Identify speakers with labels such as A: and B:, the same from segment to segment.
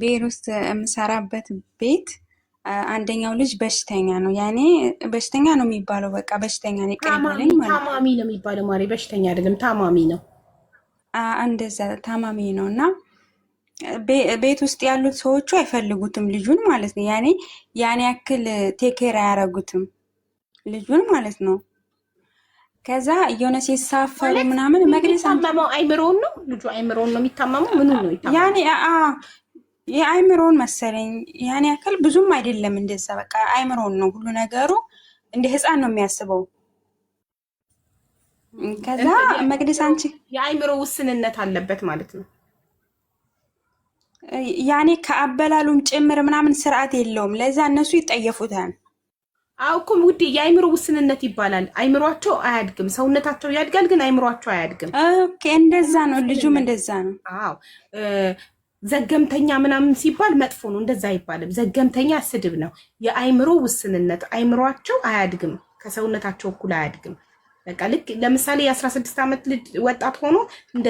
A: ቤር ውስጥ የምሰራበት ቤት አንደኛው ልጅ በሽተኛ ነው። ያኔ በሽተኛ ነው የሚባለው፣ በቃ በሽተኛ ነው
B: ታማሚ ነው የሚባለው ማሪ፣ በሽተኛ አይደለም ታማሚ ነው።
A: እንደዛ ታማሚ ነው እና ቤት ውስጥ ያሉት ሰዎቹ አይፈልጉትም ልጁን ማለት ነው። ያኔ ያኔ ያክል ቴኬር አያረጉትም ልጁን ማለት ነው። ከዛ የሆነ ሲሳፈሩ ምናምን መግለጽ
B: አይምሮውን ነው ልጁ አይምሮውን ነው የሚታመመው ምኑ ነው
A: ያኔ የአይምሮን መሰለኝ ያን ያክል ብዙም አይደለም። እንደዛ በቃ አይምሮን ነው ሁሉ ነገሩ። እንደ ህፃን ነው የሚያስበው። ከዛ መቅደስ አንቺ
B: የአይምሮ ውስንነት አለበት ማለት ነው።
A: ያኔ ከአበላሉም ጭምር ምናምን ስርዓት የለውም። ለዛ እነሱ ይጠየፉታል።
B: አውኩም እኮ ውዴ የአይምሮ ውስንነት ይባላል። አይምሯቸው አያድግም፣ ሰውነታቸው ያድጋል፣ ግን አይምሯቸው አያድግም።
A: ኦኬ እንደዛ ነው። ልጁም እንደዛ ነው።
B: አዎ ዘገምተኛ ምናምን ሲባል መጥፎ ነው። እንደዛ አይባልም። ዘገምተኛ ስድብ ነው። የአይምሮ ውስንነት፣ አይምሯቸው አያድግም፣ ከሰውነታቸው እኩል አያድግም። በቃ ልክ ለምሳሌ የአስራ ስድስት ዓመት ልጅ ወጣት ሆኖ እንደ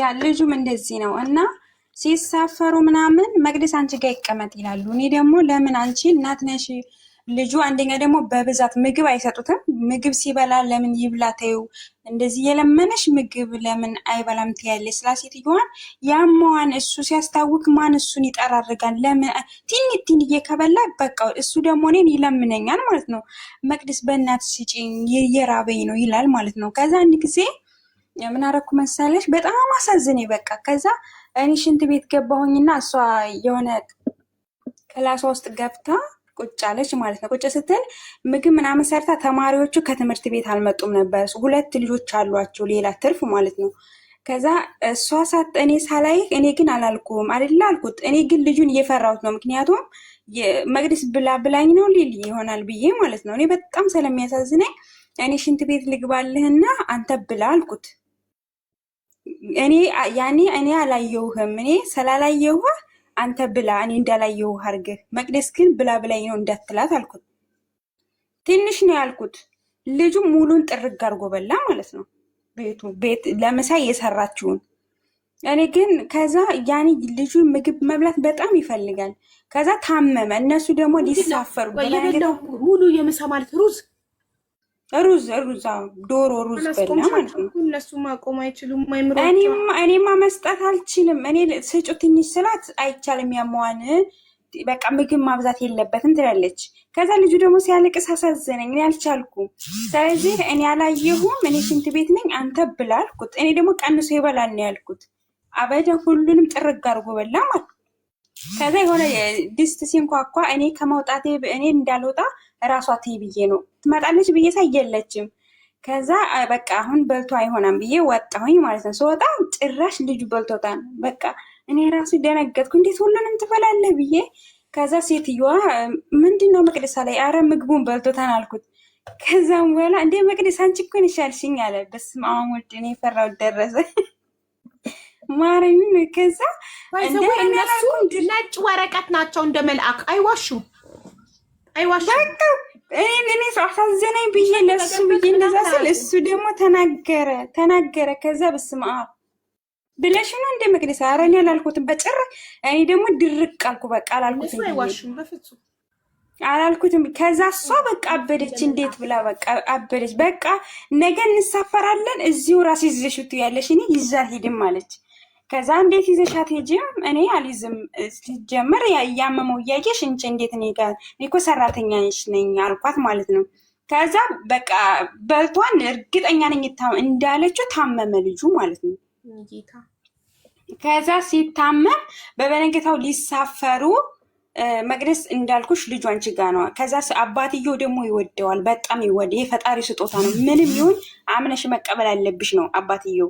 A: ያ ልጁም እንደዚህ ነው እና ሲሳፈሩ ምናምን መቅደስ አንቺ ጋር ይቀመጥ ይላሉ። እኔ ደግሞ ለምን አንቺ እናት ነሽ ልጁ አንደኛ ደግሞ በብዛት ምግብ አይሰጡትም። ምግብ ሲበላ ለምን ይብላ ተይው፣ እንደዚህ የለመነሽ ምግብ ለምን አይበላም ትያለ ስላ ሴትዮዋን ያማዋን እሱ ሲያስታውቅ ማን እሱን ይጠራርጋል? ለምን ትንሽ ትንሽ ከበላ በቃ እሱ ደግሞ እኔን ይለምነኛል ማለት ነው። መቅደስ በእናት ስጪኝ የራበኝ ነው ይላል ማለት ነው። ከዛ አንድ ጊዜ የምናረኩ አደረኩ በጣም አሳዝኔ በቃ ከዛ እኔ ሽንት ቤት ገባሁኝና እሷ የሆነ ክላሷ ውስጥ ገብታ ቁጭ አለች ማለት ነው። ቁጭ ስትል ምግብ ምናምን ሰርታ ተማሪዎቹ ከትምህርት ቤት አልመጡም ነበር። ሁለት ልጆች አሏቸው ሌላ ትርፍ ማለት ነው። ከዛ እሷ ሳት እኔ ሳላይህ እኔ ግን አላልኩም አይደለ አልኩት። እኔ ግን ልጁን እየፈራሁት ነው፣ ምክንያቱም መቅደስ ብላ ብላኝ ነው ሊል ይሆናል ብዬ ማለት ነው። እኔ በጣም ስለሚያሳዝነኝ እኔ ሽንት ቤት ልግባልህና አንተ ብላ አልኩት። እኔ ያኔ እኔ አላየውህም እኔ ስላላየውህ አንተ ብላ እኔ እንዳላየው አርገህ መቅደስ ግን ብላ ብላኝ ነው እንዳትላት አልኩት። ትንሽ ነው ያልኩት። ልጁ ሙሉን ጥርግ አርጎ በላ ማለት ነው። ቤቱ ቤት ለምሳ የሰራችውን እኔ ግን ከዛ ያኔ ልጁ ምግብ መብላት በጣም ይፈልጋል። ከዛ ታመመ። እነሱ ደግሞ ሊሳፈሩ
B: ሙሉ የምሳ ማለት ሩዝ
A: ሩዝ ሩዝ ዶሮ ሩዝ
B: በላ ማለት ነው። እነሱ ማቆም አይችሉም።
A: እኔማ መስጠት አልችልም። እኔ ስጩ ትንሽ ስላት አይቻልም፣ ያመዋን በቃ ምግብ ማብዛት የለበትም ትላለች። ከዛ ልጁ ደግሞ ሲያለቅስ አሳዘነኝ፣ እኔ አልቻልኩም። ስለዚህ እኔ አላየሁም፣ እኔ ሽንት ቤት ነኝ፣ አንተ ብላ አልኩት። እኔ ደግሞ ቀንሶ ይበላል ነው ያልኩት። አበደ ሁሉንም ጥርግ አድርጎ በላ ማለት ከዛ የሆነ ድስት ሲንኳኳ እኔ ከመውጣቴ እኔ እንዳልወጣ ራሷ ትይ ብዬ ነው ትመጣለች ብዬ ሳየለችም ከዛ በቃ አሁን በልቶ አይሆናም ብዬ ወጣሁኝ ማለት ነው። ስወጣ ጭራሽ ልጁ በልቶታል። በቃ እኔ ራሱ ደነገጥኩ። እንዴት ሁሉንም ትበላለህ ብዬ ከዛ ሴትዮዋ ምንድን ነው መቅደሳ ላይ አረ ምግቡን በልቶታል አልኩት። ከዛም በኋላ እንዴ መቅደስ አንቺ እኮ ነሽ ያልሽኝ አለ። በስመ አብ ወልድ እኔ ፈራው ደረሰ ማረኝ። ከዛ
B: እነሱ ነጭ ወረቀት ናቸው እንደ መልአክ አይዋሹም።
A: እኔ ሰው አሳዘነኝ ብዬ ብዬ እንደዛ ስል እሱ ደግሞ ተናገረ ተናገረ። ከዛ በስመ አብ ብለሽ ነው እንደ መቅደስ። አላልኩትም በጭራሽ። እኔ ደግሞ ድርቅ አልኩ። በቃ አላልኩትም አላልኩትም። ከዛ እሷ በቃ አበደች። እንዴት ብላ በቃ አበደች። በቃ ነገ እንሳፈራለን እዚሁ እኔ ይዛ ሂድም አለች። ከዛ እንዴት ይዘሻት ሄጂም እኔ አልይዝም ሲጀምር እያመመው እያየሽ እንጭ እንዴት እኔ ጋር እኔ እኮ ሰራተኛሽ ነኝ አልኳት ማለት ነው። ከዛ በቃ በልቷን እርግጠኛ ነኝ እንዳለችው ታመመ ልጁ ማለት ነው። ከዛ ሲታመም በበነገታው ሊሳፈሩ መቅደስ እንዳልኩሽ ልጁ አንቺ ጋ ነዋ። ከዛ አባትየው ደግሞ ይወደዋል በጣም ይወደ የፈጣሪ ስጦታ ነው። ምንም ይሁን አምነሽ መቀበል አለብሽ ነው አባትየው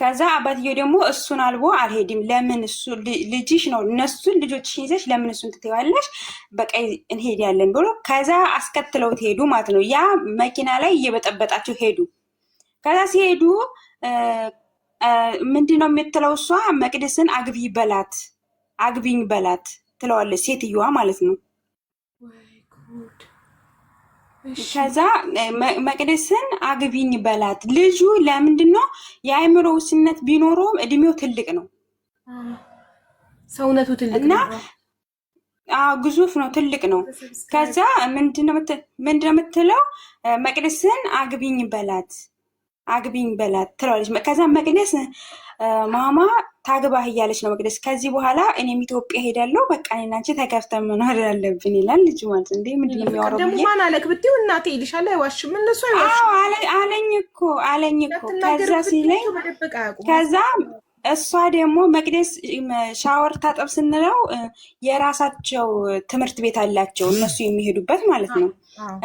A: ከዛ አባትዬ ደግሞ እሱን አልቦ አልሄድም፣ ለምን እሱ ልጅሽ ነው፣ እነሱን ልጆች ይዘሽ ለምን እሱን ትተዋለሽ? በቃ እንሄዳለን ብሎ ከዛ አስከትለውት ሄዱ ማለት ነው። ያ መኪና ላይ እየበጠበጣቸው ሄዱ። ከዛ ሲሄዱ ምንድን ነው የምትለው እሷ መቅደስን አግቢ በላት፣ አግቢኝ በላት ትለዋለች፣ ሴትዮዋ ማለት ነው። ከዛ መቅደስን አግቢኝ በላት። ልጁ ለምንድን ነው የአእምሮ ውስነት ቢኖረውም እድሜው ትልቅ ነው፣
B: ሰውነቱ ትልቅ ነው፣
A: ግዙፍ ነው፣ ትልቅ ነው። ከዛ ምንድን የምትለው? መቅደስን አግቢኝ በላት፣ አግቢኝ በላት ትለዋለች። ከዛ መቅደስ ማማ ታግባህ እያለች ነው መቅደስ። ከዚህ በኋላ እኔም ኢትዮጵያ ሄዳለሁ፣ በቃ እኔና አንቺ ተጋብተን መኖር አለብን ይላል ልጅ ማለት እንዴ፣ ምንድን ነው የሚያወራው? ደግሞ
B: ማን አለክ ብትይው እናቴ ይልሻል። አይዋሽም፣ እነሱ አይዋሽም
A: አለኝ እኮ አለኝ እኮ። ከዛ ሲለኝ ከዛ እሷ ደግሞ መቅደስ ሻወር ታጠብ ስንለው የራሳቸው ትምህርት ቤት አላቸው እነሱ የሚሄዱበት ማለት ነው።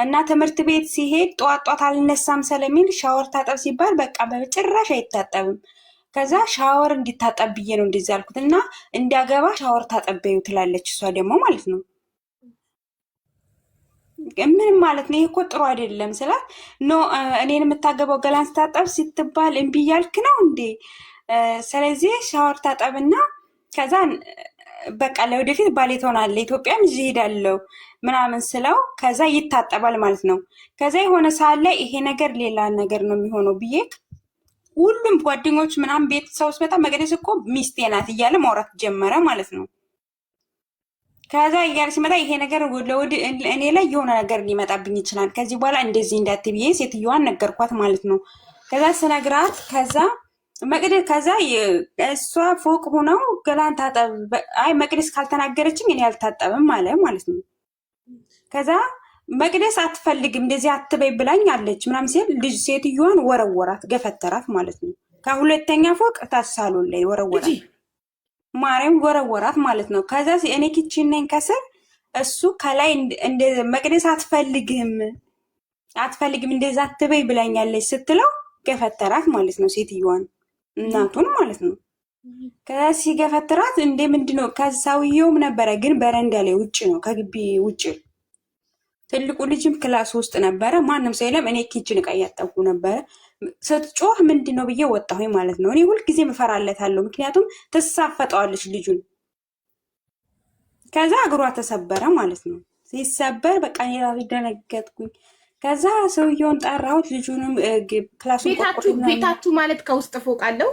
A: እና ትምህርት ቤት ሲሄድ ጧጧት አልነሳም ስለሚል ሻወር ታጠብ ሲባል በቃ በጭራሽ አይታጠብም። ከዛ ሻወር እንዲታጠብ ብዬ ነው እንደዚህ አልኩት እና እንዲያገባ ሻወር ታጠበዩ ትላለች እሷ ደግሞ ማለት ነው ምንም ማለት ነው። ይሄ እኮ ጥሩ አይደለም ስላት ኖ እኔን የምታገባው ገላን ስታጠብ ስትባል እምቢ እያልክ ነው እንዴ? ስለዚህ ሻወር ታጠብና ከዛ በቃ ለወደፊት ባሌ ትሆናለህ፣ ኢትዮጵያም ይዤ እሄዳለሁ ምናምን ስለው ከዛ ይታጠባል ማለት ነው። ከዛ የሆነ ሰዓት ላይ ይሄ ነገር ሌላ ነገር ነው የሚሆነው ብዬ ሁሉም ጓደኞች ምናምን ቤት ሰው ስመጣ መቅደስ እኮ ሚስቴ ናት እያለ ማውራት ጀመረ ማለት ነው። ከዛ እያለ ሲመጣ ይሄ ነገር ለወድ እኔ ላይ የሆነ ነገር ሊመጣብኝ ይችላል፣ ከዚህ በኋላ እንደዚህ እንዳትብዬ ሴትዮዋን ነገርኳት ማለት ነው። ከዛ ስነግራት ከዛ መቅደስ ከዛ እሷ ፎቅ ሆነው ገላን ታጠብ፣ አይ መቅደስ ካልተናገረችኝ እኔ አልታጠብም አለ ማለት ነው። ከዛ መቅደስ አትፈልግም እንደዚህ አትበይ ብላኝ አለች ምናምን ሲል ልጅ ሴትዮዋን ወረወራት፣ ገፈተራት ማለት ነው። ከሁለተኛ ፎቅ ታሳሉ ላይ ወረወራት፣ ማርያም ወረወራት ማለት ነው። ከዛ እኔ ኪችን ነኝ ከስር እሱ ከላይ እንደ መቅደስ አትፈልግም አትፈልግም እንደዚህ አትበይ ብላኝ አለች ስትለው ገፈተራት ማለት ነው። ሴትዮዋን እናቱን ማለት ነው። ከዛ ሲገፈትራት እንደ ምንድነው ከሰውየውም ነበረ ግን በረንዳ ላይ ውጭ ነው ከግቢ ውጭ ትልቁ ልጅም ክላስ ውስጥ ነበረ። ማንም ሰው የለም። እኔ ኪችን እቃ እያጠብኩ ነበረ። ስትጮህ ምንድን ነው ብዬ ወጣሁኝ ማለት ነው። እኔ ሁልጊዜ እፈራለታለሁ፣ ምክንያቱም ትሳፈጠዋለች ልጁን። ከዛ እግሯ ተሰበረ ማለት ነው። ሲሰበር በቃ እኔ ደነገጥኩኝ። ከዛ ሰውየውን ጠራሁት፣ ልጁንም ክላሱ
B: ቤታቱ ማለት ከውስጥ ፎቅ አለው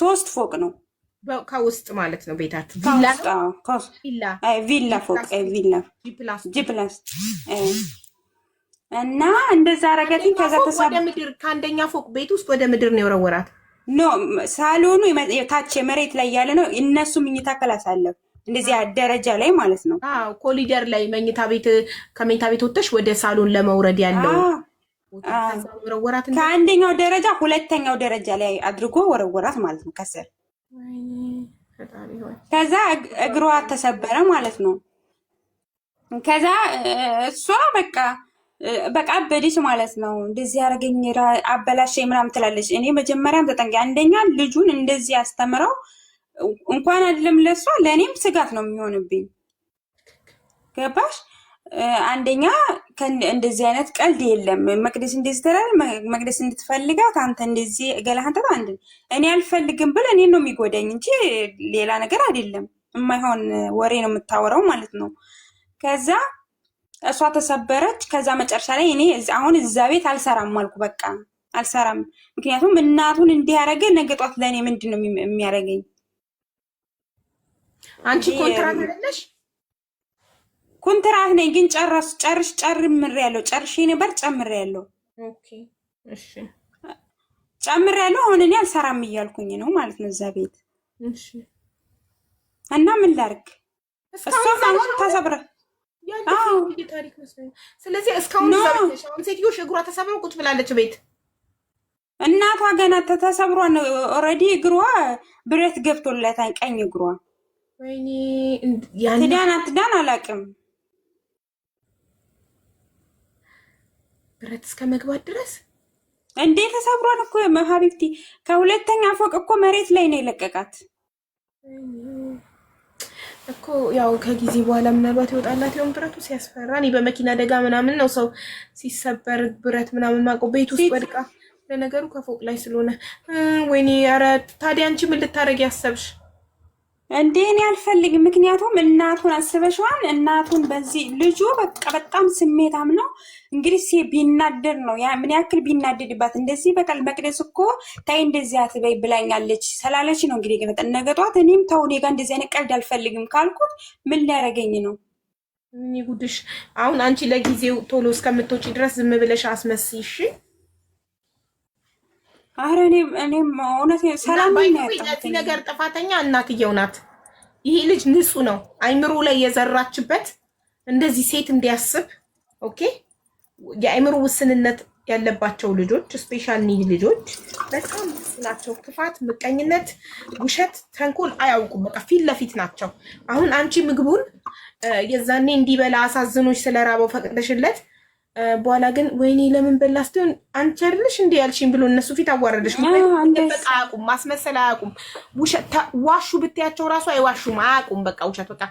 A: ሶስት ፎቅ ነው
B: ከውስጥ ማለት ነው ቤታችሁ ቪላ ፎቅ ጂፕላስ
A: እና እንደዛ አረገትኝ። ከዛ ወደ
B: ምድር ከአንደኛ ፎቅ ቤት ውስጥ ወደ ምድር ነው የወረወራት።
A: ኖ ሳሎኑ ታች መሬት ላይ ያለ ነው። እነሱ ምኝታ ክላስ አለው እንደዚህ ደረጃ ላይ ማለት ነው።
B: ኮሊደር ላይ መኝታ ቤት ከመኝታ ቤት ወጥተሽ ወደ ሳሎን ለመውረድ ያለው
A: ከአንደኛው ደረጃ ሁለተኛው ደረጃ ላይ አድርጎ ወረወራት ማለት ነው ከስር ከዛ እግሯ ተሰበረ ማለት ነው። ከዛ እሷ በቃ በቃ አበደች ማለት ነው። እንደዚህ ያደረገኝ አበላሸ ምናምን ትላለች። እኔ መጀመሪያም ተጠንቀ አንደኛ ልጁን እንደዚህ ያስተምረው እንኳን አይደለም ለእሷ ለእኔም ስጋት ነው የሚሆንብኝ። ገባሽ? አንደኛ እንደዚህ አይነት ቀልድ የለም። መቅደስ እንደዚህ ትላለህ፣ መቅደስ እንድትፈልጋት አንተ እንደዚህ ገላህን አንድ እኔ አልፈልግም ብል እኔ ነው የሚጎዳኝ እንጂ ሌላ ነገር አይደለም። የማይሆን ወሬ ነው የምታወራው ማለት ነው። ከዛ እሷ ተሰበረች። ከዛ መጨረሻ ላይ እኔ አሁን እዛ ቤት አልሰራም አልኩ፣ በቃ አልሰራም። ምክንያቱም እናቱን እንዲያደረገ ነገ ጧት ለእኔ ምንድን ነው የሚያደርገኝ?
B: አንቺ ኮንትራት አይደለሽ
A: ኮንትራት ነኝ ግን ጨረስ ጨርሽ ጨምር ያለው ጨርሽ ነበር ጨምር ያለው ጨምር ያለው አሁን እኔ አልሰራም እያልኩኝ ነው ማለት ነው እዛ ቤት እና ምን ላርግ? እሷም ተሰብረ
B: ታሪክ ስለዚህ እስካሁን ሴትዮሽ እግሯ ተሰብሮ ቁጭ ብላለች ቤት
A: እናቷ ገና ተሰብሯ ነው ኦልሬዲ እግሯ ብረት ገብቶለታል፣ ቀኝ እግሯ። ትዳን አትዳን አላውቅም።
B: ብረት እስከ መግባት ድረስ
A: እንዴ ተሰብሯን እኮ ሀቢብቲ ከሁለተኛ ፎቅ እኮ መሬት ላይ ነው የለቀቃት
B: እኮ ያው ከጊዜ በኋላ ምናልባት ይወጣላት ይሆን ብረቱ ሲያስፈራ እኔ በመኪና አደጋ ምናምን ነው ሰው ሲሰበር ብረት ምናምን ማውቀው ቤት ውስጥ ወድቃ ለነገሩ ከፎቅ ላይ ስለሆነ ወይኔ ኧረ ታዲያ አንቺ ምን ልታደርጊ ያሰብሽ
A: እንዴ እኔ አልፈልግም ምክንያቱም እናቱን አስበሽዋን እናቱን በዚህ ልጁ በቃ በጣም ስሜታም ነው እንግዲህ ሴ ቢናደር ነው ያ ምን ያክል ቢናደድባት እንደዚህ በቃል መቅደስ እኮ ታይ እንደዚህ አትበይ ብላኛለች ስላለች ነው እንግዲህ የመጠን ነገ እኔም ተው እኔ ጋር እንደዚህ አይነት ቀልድ አልፈልግም ካልኩት ምን ሊያደርገኝ ነው?
B: ምን ጉድሽ አሁን አንቺ ለጊዜው ቶሎ እስከምትወጪ ድረስ ዝም ብለሽ አስመስይ።
A: አረ እኔም እውነት
B: ሰላም ለዚህ ነገር ጥፋተኛ እናትየው ናት። ይሄ ልጅ ንጹህ ነው፣ አይምሮ ላይ የዘራችበት እንደዚህ ሴት እንዲያስብ ኦኬ የአእምሮ ውስንነት ያለባቸው ልጆች ስፔሻል ኒድ ልጆች በጣም ናቸው። ክፋት፣ ምቀኝነት፣ ውሸት፣ ተንኮል አያውቁም። በቃ ፊት ለፊት ናቸው። አሁን አንቺ ምግቡን የዛኔ እንዲበላ አሳዝኖች ስለራበው ፈቅደሽለት በኋላ ግን ወይኔ ለምን በላ ስትሆን አንቺ አይደለሽ እንዲ ያልሽኝ ብሎ እነሱ ፊት አዋረደሽ። በቃ አያውቁም፣ ማስመሰል አያውቁም። ዋሹ ብትያቸው ራሱ አይዋሹም፣ አያውቁም። በቃ ውሸት በቃ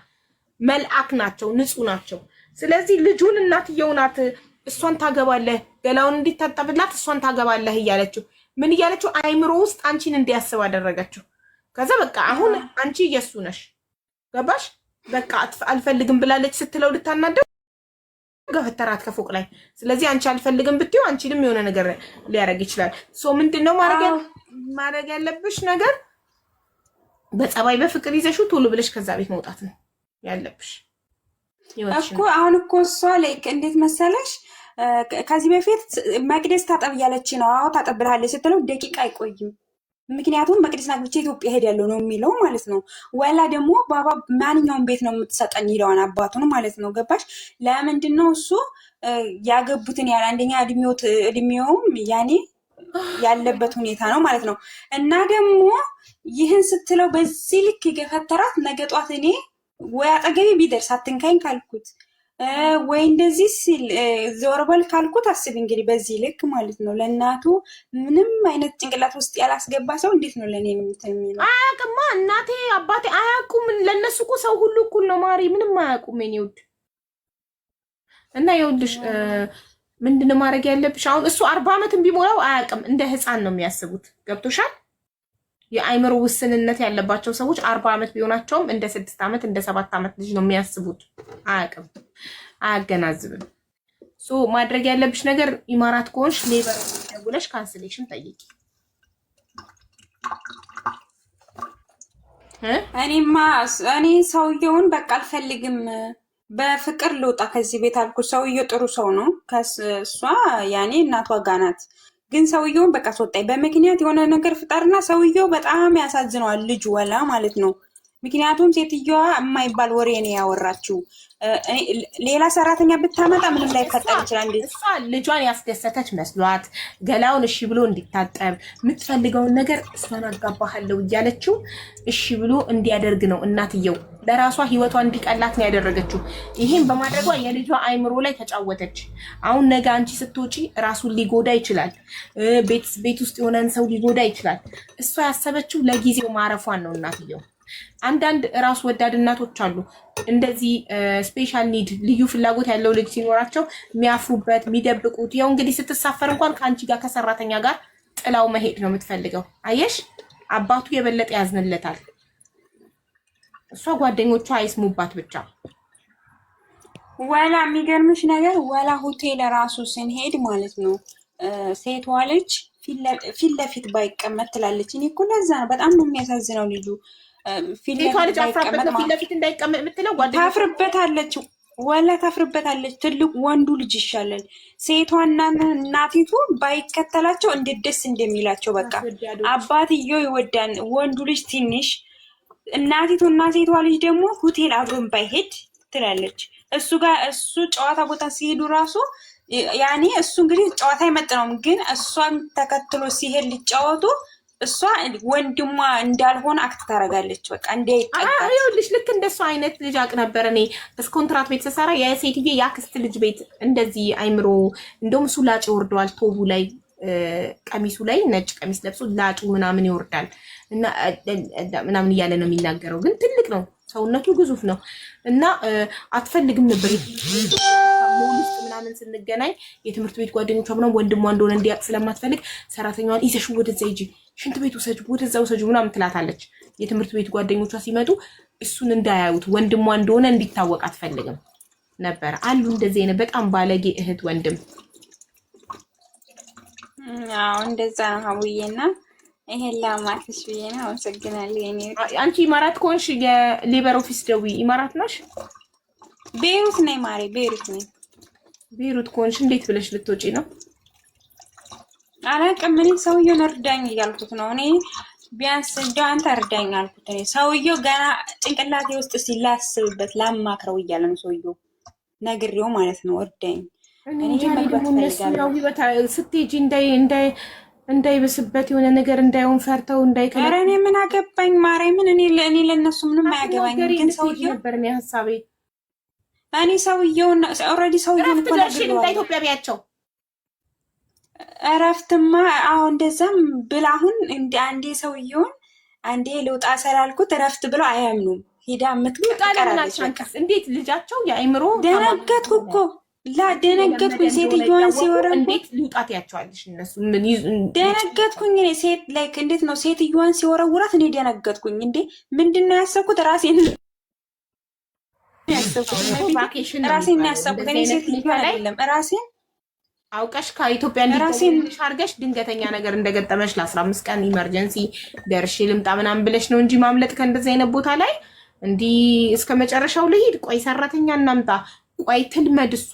B: መልአክ ናቸው፣ ንጹህ ናቸው። ስለዚህ ልጁን እናትየው ናት እሷን ታገባለህ፣ ገላውን እንዲታጠብላት እሷን ታገባለህ እያለችው ምን እያለችው አይምሮ ውስጥ አንቺን እንዲያስብ አደረገችው። ከዛ በቃ አሁን አንቺ እየሱ ነሽ ገባሽ? በቃ አልፈልግም ብላለች ስትለው ልታናደው ገፈተራት ከፎቅ ላይ። ስለዚህ አንቺ አልፈልግም ብትይው አንቺንም የሆነ ነገር ሊያደርግ ይችላል። ሶ ምንድን ነው ማድረግ ያለብሽ ነገር በጸባይ በፍቅር ይዘሽው ቶሎ ብለሽ ከዛ ቤት መውጣት ነው ያለብሽ
A: እኮ አሁን እኮ እሷ ላይ እንዴት መሰለሽ ከዚህ በፊት መቅደስ ታጠብ እያለች ነው። አዎ ታጠብልሃለች ስትለው ደቂቃ አይቆይም። ምክንያቱም መቅደስን አግብቼ ኢትዮጵያ ሄዳለሁ ነው የሚለው ማለት ነው። ወላ ደግሞ ባባ ማንኛውም ቤት ነው የምትሰጠኝ ይለዋን አባቱን ማለት ነው። ገባሽ? ለምንድን ነው እሱ ያገቡትን ያለ አንደኛ እድሜውም ያኔ ያለበት ሁኔታ ነው ማለት ነው። እና ደግሞ ይህን ስትለው በዚህ ልክ የገፈተራት ነገ ጧት እኔ ወይ አጠገቤ ቢደርስ አትንካኝ ካልኩት ወይ እንደዚህ ሲል ዞር በል ካልኩት አስብ እንግዲህ በዚህ ልክ ማለት ነው። ለእናቱ ምንም አይነት ጭንቅላት ውስጥ ያላስገባ ሰው እንዴት ነው ለእኔ የምትል የሚለው
B: አያውቅማ። እናቴ አባቴ አያውቁም። ለእነሱ እኮ ሰው ሁሉ እኩል ነው ማሪ፣ ምንም አያውቁም። ኔ ውድ እና የውልሽ ምንድን ማድረግ ያለብሽ አሁን እሱ አርባ ዓመት ቢሞላው አያውቅም። እንደ ህፃን ነው የሚያስቡት። ገብቶሻል የአይምሮ ውስንነት ያለባቸው ሰዎች አርባ ዓመት ቢሆናቸውም እንደ ስድስት ዓመት እንደ ሰባት ዓመት ልጅ ነው የሚያስቡት። አያውቅም፣ አያገናዝብም። ማድረግ ያለብሽ ነገር ኢማራት ከሆንሽ ሌበር ደውለሽ ካንስሌሽን ጠይቂ።
A: እኔማ እኔ ሰውየውን በቃ አልፈልግም፣ በፍቅር ልውጣ ከዚህ ቤት አልኩ። ሰውየው ጥሩ ሰው ነው። ከእሷ ያኔ እናቷ ጋናት ናት ግን ሰውየውን በቃ አስወጣኝ በምክንያት የሆነ ነገር ፍጠርና ሰውየው በጣም ያሳዝነዋል። ልጅ ወላ ማለት ነው ምክንያቱም ሴትዮዋ የማይባል ወሬ ነው ያወራችው። ሌላ ሰራተኛ ብታመጣ ምንም ላይፈጠር ይችላል።
B: እሷ ልጇን ያስደሰተች መስሏት ገላውን እሺ ብሎ እንዲታጠብ የምትፈልገውን ነገር እሷን አጋባሃለው እያለችው እሺ ብሎ እንዲያደርግ ነው እናትየው ለራሷ ህይወቷ እንዲቀላት ነው ያደረገችው። ይህም በማድረጓ የልጇ አይምሮ ላይ ተጫወተች። አሁን ነገ አንቺ ስትወጪ ራሱን ሊጎዳ ይችላል፣ ቤት ውስጥ የሆነን ሰው ሊጎዳ ይችላል። እሷ ያሰበችው ለጊዜው ማረፏን ነው እናትየው አንዳንድ ራስ ወዳድ እናቶች አሉ። እንደዚህ ስፔሻል ኒድ ልዩ ፍላጎት ያለው ልጅ ሲኖራቸው የሚያፍሩበት የሚደብቁት። ያው እንግዲህ ስትሳፈር እንኳን ከአንቺ ጋር ከሰራተኛ ጋር ጥላው መሄድ ነው የምትፈልገው። አየሽ፣ አባቱ የበለጠ ያዝንለታል። እሷ ጓደኞቿ አይስሙባት ብቻ።
A: ወላ የሚገርምሽ ነገር ወላ ሆቴል ራሱ ስንሄድ ማለት ነው ሴቷ ልጅ ፊት ለፊት ባይቀመጥ ትላለች። እኔ እኮ ለዛ ነው በጣም ነው የሚያሳዝነው ልጁ
B: ልጅ አፍራበት ነው ፊት ለፊት እንዳይቀመጥ የምትለው ጓደኛ
A: ታፍርበታለች። ወላ ታፍርበታለች። ትልቅ ወንዱ ልጅ ይሻላል። ሴቷና እናቲቱ ባይከተላቸው እንዴት ደስ እንደሚላቸው በቃ አባትየው ይወዳል። ወንዱ ልጅ ትንሽ እናቲቱ እና ሴቷ ልጅ ደግሞ ሆቴል አብሮን ባይሄድ ትላለች። እሱ ጋር እሱ ጨዋታ ቦታ ሲሄዱ ራሱ ያኔ እሱ እንግዲህ ጨዋታ አይመጥነውም፣ ግን እሷን ተከትሎ ሲሄድ ሊጫወቱ እሷ ወንድሟ እንዳልሆነ አክት ታደርጋለች። በቃ
B: ይኸውልሽ፣ ልክ እንደሷ አይነት ልጅ አቅ ነበር። እኔ በኮንትራት ቤት ስሰራ የሴትዬ የአክስት ልጅ ቤት እንደዚህ አይምሮ እንደውም እሱ ላጭ ወርደዋል። ቶቡ ላይ ቀሚሱ ላይ ነጭ ቀሚስ ለብሶ ላጩ ምናምን ይወርዳል እና ምናምን እያለ ነው የሚናገረው። ግን ትልቅ ነው፣ ሰውነቱ ግዙፍ ነው እና አትፈልግም ነበር ሞል ውስጥ ምናምን ስንገናኝ የትምህርት ቤት ጓደኞቿ ምናምን ወንድሟ እንደሆነ እንዲያውቅ ስለማትፈልግ ሰራተኛዋን ይዘሽ ወደዛ ሂጂ፣ ሽንት ቤት ውሰጁ፣ ወደዛ ውሰጁ ምናምን ትላታለች። የትምህርት ቤት ጓደኞቿ ሲመጡ እሱን እንዳያዩት ወንድሟ እንደሆነ እንዲታወቅ አትፈልግም ነበር አሉ። እንደዚህ አይነት በጣም ባለጌ እህት ወንድም።
A: አዎ እንደዛ ነው ሀቡዬና ይሄን ላማትሽ ብዬ ነው። አመሰግናለሁ።
B: አንቺ ኢማራት ከሆንሽ የሌበር ኦፊስ ደዊ ኢማራት ነሽ?
A: ቤይሩት ነኝ ማሬ፣ ቤይሩት ነኝ።
B: ቤሩት ከሆንሽ እንዴት ብለሽ ልትወጪ ነው?
A: አላውቅም። እኔ ሰውየውን እርዳኝ እያልኩት ነው። እኔ ቢያንስ እንደው አንተ እርዳኝ አልኩት። እኔ ሰውየው ገና ጭንቅላቴ ውስጥ ሲላስብበት ላማክረው እያለ ነው ሰውየው። ነግሬው ማለት ነው እርዳኝ።
B: ስትሄጂ እንዳይብስበት የሆነ ነገር እንዳይሆን ፈርተው እንዳይከለ።
A: ምን አገባኝ ማርያምን። እኔ ለእነሱ ምንም አያገባኝ። ግን ሰውየው ነበር ሀሳቤ እኔ ሰውየውን ኦልሬዲ ሰውየውን
B: እኮ ኢትዮጵያ ቢያቸው
A: እረፍትማ። አዎ እንደዛም ብል አሁን አንዴ ሰውየውን አንዴ ልውጣ ስላልኩት እረፍት ብለው አያምኑም። ሂዳ ምትቀራለች።
B: እንዴት ልጃቸው የአእምሮ
A: ደነገጥኩ እኮ ደነገጥኩኝ። ሴትዮዋን ሲወረ
B: እንዴት ልውጣት ያቸዋለሽ እነሱ
A: ደነገጥኩኝ። እኔ ሴት ላይክ እንዴት ነው ሴትዮዋን ሲወረውራት እኔ ደነገጥኩኝ። እንዴ ምንድን ነው ያሰብኩት ራሴን ራሴን ያሰብኩት እኔ ሴት ልጅ አይደለም። ራሴን
B: አውቀሽ ከኢትዮጵያ እንዲሽ አድርገሽ ድንገተኛ ነገር እንደገጠመሽ ለአስራ አምስት ቀን ኢመርጀንሲ ደርሼ ልምጣ ምናምን ብለሽ ነው እንጂ ማምለጥ ከእንደዚህ አይነት ቦታ ላይ እንዲህ እስከ መጨረሻው ልሂድ፣ ቆይ ሰራተኛ እናምጣ፣ ቆይ ትልመድ እሷ፣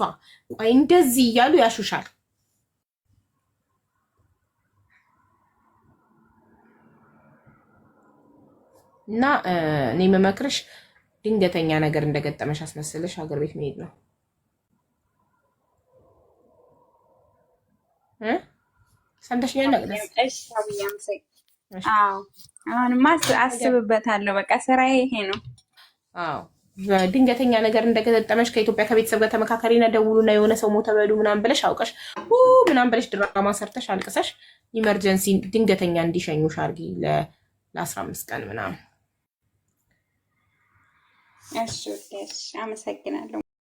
B: ቆይ እንደዚህ እያሉ ያሹሻል። እና እኔ መመክርሽ ድንገተኛ ነገር እንደገጠመሽ አስመስለሽ ሀገር ቤት መሄድ ነው። ሰምተሽኛል?
A: አሁንማ አስብበታለሁ። በቃ ስራዬ ይሄ ነው።
B: አዎ ድንገተኛ ነገር እንደገጠመሽ ከኢትዮጵያ ከቤተሰብ ጋር ተመካከሪና ደውሉና የሆነ ሰው ሞተ በሉ ምናምን ብለሽ አውቀሽ ምናምን ብለሽ ድራማ ሰርተሽ አልቅሰሽ ኢመርጀንሲ ድንገተኛ እንዲሸኙሽ አርጊ ለአስራ አምስት ቀን ምናምን እሺ፣ አመሰግናለሁ።